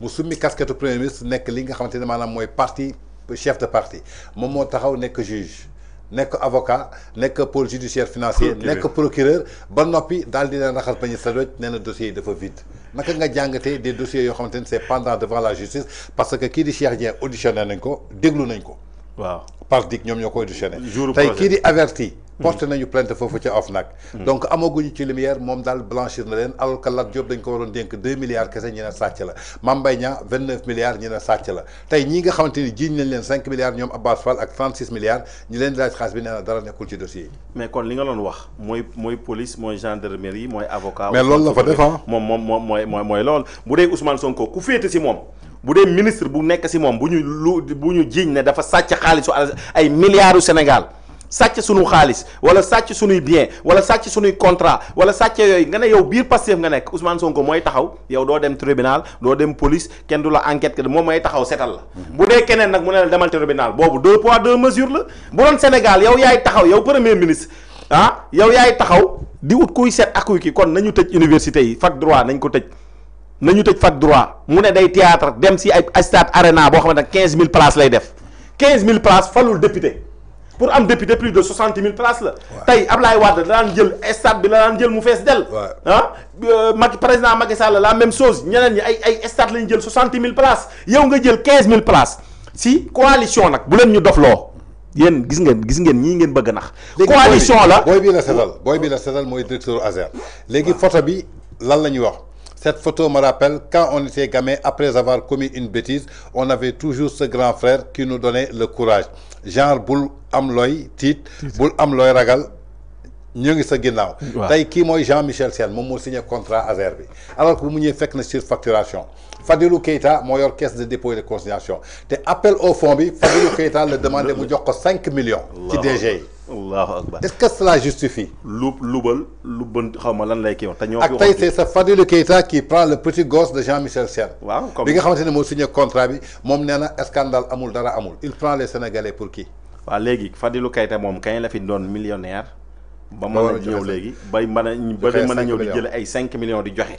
mu casquette premier ministre nek li nga xamante manam moy parti chef de parti moom moo taxaw nek juge nek avocat nek pôle judiciaire financier nek procureur ba nopi dal di leen raxas bañu sa doj nee na dafa vide naka nga jangate des dossiers yo xamante c'est pendant devant la justice parce que kii di Cheikh Dieng auditionné nañ ko deglu nañ ko. waaw par dig ñoom ñoo ko auditionné. tey kii di averti. porté nañu plainte foofu ca OFNAC mm-hmm. donc amaguñu ci lumière moom daal blanchir na leen alors que dañ ko waroon dénk deux milliards kese ñi ne sàcc la Mame Mbaye vingt neuf milliards ñi sàcc la tey ñi nga xamante ni jiiñ nañ leen cinq milliards ñoom Abbas Fall ak trente six milliards ñi leen laaj xaalis bi nee na dara nekkul ci dossier yi mais kon li nga doon wax mooy mooy police mooy gendarmerie mooy avocat mais loolu la fa def moom moom moom mooy mooy mooy loolu bu dee moom bu bu nekk si moom bu ñu lu bu ñu jiiñ ne dafa sàcc xaalisu ay milliards u Sénégal sacc suñu xaalis wala sacc suñuy bien wala sacc suñuy contrat wala sacc yooyu nga ne yow biir Pastef nga nekk Ousmane Sonko mooy taxaw yow doo dem tribunal doo dem police kenn du la enquête que moom mooy taxaw setal la mhm. bu dee keneen nag mu ne la demal tribunal boobu deux poids deux mesures la bu doon Sénégal yow yaay taxaw yow premier ministre ah yow yaay taxaw di ut kuy set ak ki kon nañu tëj université yi fac droit nañ ko tëj nañu tëj fac droit mu ne day théâtre dem si ay stade arena boo xam ne 15000 places lay def 15000 places falul député pour am député plus de 60 000 places la. tey Ablaye Wade la daan jël stade bi la daan jël mu fees del ah euh, Macky président Macky Sall la même chose ñeneen ñi ay ay stade la ñu jël 60 000 places yow nga jël 15 000 places si coalition nag bu leen ñu dofloo. Yen, gis ngeen gis ngeen ñi ngeen bëgg nax. coalition la boy bi la setal boy bi la setal moy directeur azer légui photo bi lan la wax. Cette photo me rappelle quand on était gamin, après avoir commis une bêtise, on avait toujours ce grand frère qui nous donnait le courage. Genre boul am titre, Boul Amloï ragal ñu ngi sa Jean Michel Sène moom moo signé contrat à Zerbi. alors que vous fait une une surfacturation Fadilou Keita moo yor caisse de dépôt et de consignation te appel au fond Fadilou Keita le demande de 5 millions. qui allahu akbar est-ce que cela justifie. Loubal, lubal lu bën lan lay ki wax ta ñoo. ak tey c'est sa Fadilou Keita qui prend le petit gosse de Jean-Michel Serre. waaw comme bi nga xamante mo signé contrat bi mom nee scandale amul dara amul il prend les Sénégalais pour qui. Wa légui Fadilou Keita mom kay la fi doon millionnaire. ba mën a ñëw léegi bay mën a ba mën ñëw di jël ay 5 millions di joxe.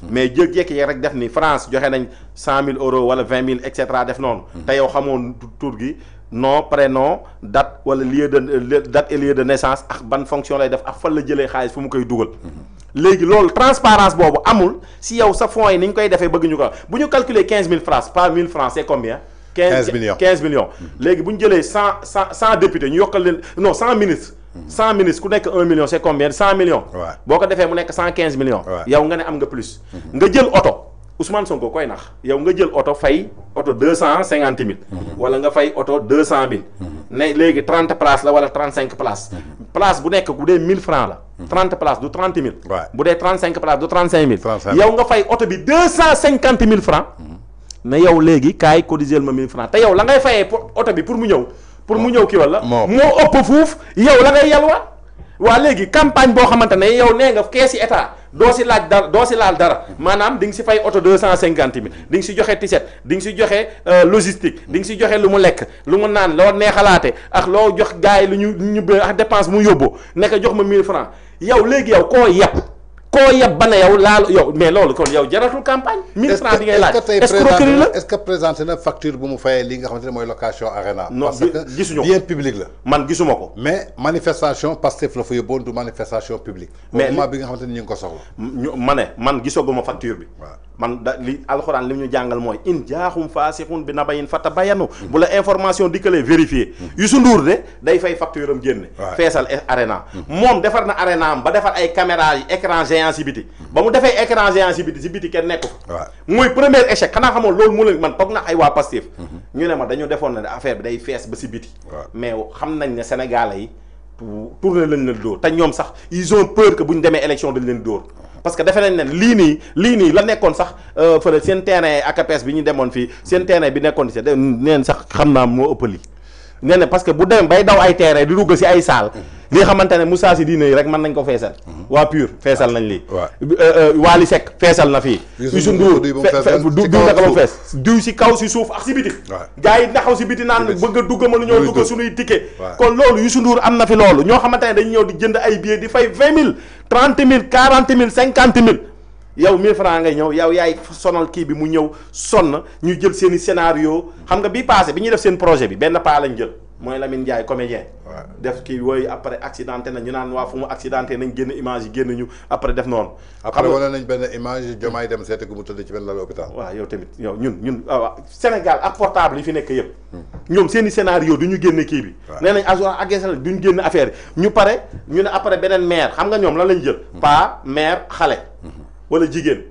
Hmm. mais jël jekki rek def ni France joxé nañ cent euros wala vingt mille etc def non hmm. te yow xamoon tour gi nom prénom date wala lieu de date et lieu de naissance ak ban fonction lay def ak fan la jëlé xaalis fu mu koy dugal. Hmm. légui loolu transparence bobu amul si yow sa fonds yi ni ñu koy défé bëgg ñu ko bu calculer 15 000 francs pas 1000 francs c'est combien. 15 millions 15 millions. légui buñu jëlé 100 100 députés ñu yokal non 100 ministres. 100 millions, vous 1 million, c'est combien 100 millions. Si vous avez 115 millions, vous avez plus. Vous avez auto. Ousmane Sonko, quoi est-ce un avez auto, auto 250 000. Vous avez auto 200 000. Vous 30 places ou 35 places. Mhm. Place, vous avez 1000 francs. 30 mhm. places, de 30 000. Vous avez 35 places, de 35 000. Vous avez auto 250 000 francs. Mais vous avez 000 francs. Vous avez fait auto 000 francs. pour mu ñëw kii walla moo ëpp fuuf yow la ngay yalwa waa léegi campagne boo xamante ne yow nee nga keesi état doo si laaj dara doo si laal dara maanaam di nga si fay oto deux cent cinquante mille di nga si joxe ticket di nga si joxe euh, logistique di nga si joxe lu mu lekk lu mu naan loo neexalaate ak loo jox gars yi lu ñu ñu ak dépense mu yóbbu nekk jox ma mille francs yow léegi yow koo yepp koo yab ba ne yow laal yow mais loolu kon yow jaratul campagne. mille francs bi ngay laaj escroquerie la est-ce que présenté na facture bu mu fayee li nga xamante ne mooy location arena parce que gisuñu ko bien public la. man gisuma ko. mais manifestation Pastef la fa yóbboon du manifestation publique. mais moment bi nga xamante ne ñu ngi ko soxla. ñu ma ne man gisaguma facture bi. man da li alxuraan li ñu jàngal mooy in jaaxum faasixun bi nabayin fata bayanu. bu la information dikkalee vérifier. Hmm. Youssou Ndour de day fay facture am génne. feesal e- arena hmm. moom defar na arena am ba defar ay caméra yi écran géant si biti ba mu defee écran géant si biti si biti kenn nekku mooy premier échec xanaa xamoon loolu mu leen man toog na ay waa Pastef mhm. ñu ne ma dañu defoon ne affaire bi day fees ba si biti mais xam nañ ne Sénégalais yi tourné lañ leen dóor te ñoom sax ils ont peur que bu ñu demee élection dañ leen dóor parce que defe nañ ne lii nii lii nii la nekkoon sax euh, fële seen terrain AKPS bi ñu demoon fii seen terrain bi nekkoon si neen sax xam naa moo ëpp lii nee que bu dem bay daw ay terrain di dugg si ay salle mhm. li xamante ne Moussa si diine yi rek mën nañ ko feesal mhm. waa pur feesal nañ lii euh, euh, Waly sekk feesal na fii Youssou Ndour diw naka ba fees diw si kaw si suuf ak si biti gars yi ndaxaw si biti naan bëgg a dugg mënu ñoo dugg suñuy ticket kon loolu Youssou Ndour am na fi loolu ñoo xamante ne dañu ñëw di jënd ay billets di fay vingt mille trente mille quarante mille cinquante mille yow 1000 francs ngay ñëw yow yaay sonal kii bi mu ñëw sonn ñu jël seen i scénario xam nga bii passé bi ñuy def seen projet bi benn paa lañ jël mooy Lamine Ndiaye comédien def kii wooyu après accidenté na ñu naan waa fu mu accidenté nañ génn image yi génn ñu après def noonu après wane nañ benn image jomaay dem seeti gu mu tëdd ci benn lal hôpital waaw yow tamit yow ñun ñun waaw Sénégal ak portable yi fi nekk yëpp hmm. ñoom seen i scénario du ñu génn kii bi nee nañ agent agressé du ñu génn affaire yi ñu pare ñu ne après beneen maire xam nga ñoom lan lañ jël hmm. pa maire xale hmm. wala jigéen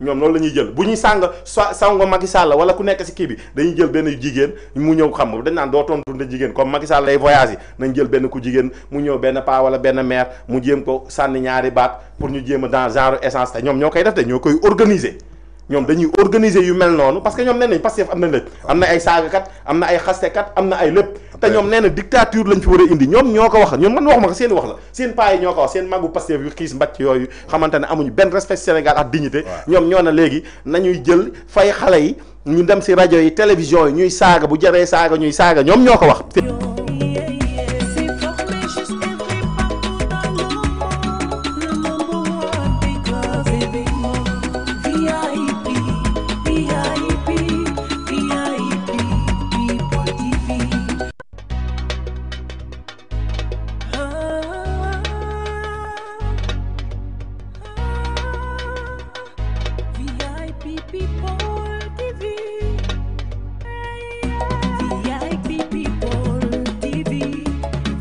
ñoom loolu la ñuy jël bu ñuy sàng sa sango Macky Sall wala ku nekk si kii bi dañuy jël benn jigéen mu ñëw xam nga dañ naan doo tontu ne jigéen comme Macky Sall lay voyage yi nañ jël benn ku jigéen mu ñëw benn paa wala benn maire mu jéem ko sànni ñaari baat pour ñu jéem a dans genre essence te ñoom ñoo koy def de ñoo koy organiser ñoom dañuy organiser yu mel noonu parce que ñoom nee nañ Pastef am na lépp am na ay saagakat am na ay xastekat am na ay lépp te ñoom nee na dictature lañ fi war a indi ñoom ñoo ko wax ñoom man waxuma ko seen wax la seen paa yi ñoo ko wax seen màggu Pastef yu xiis mbàcc yooyu xamante ne amuñu benn respect Sénégal ak dignité ñoom ñoo na léegi nañuy jël fay xale yi ñu dem si rajo yi télévision yi ñuy saaga bu jaree saaga ñuy saaga ñoom ñoo ko wax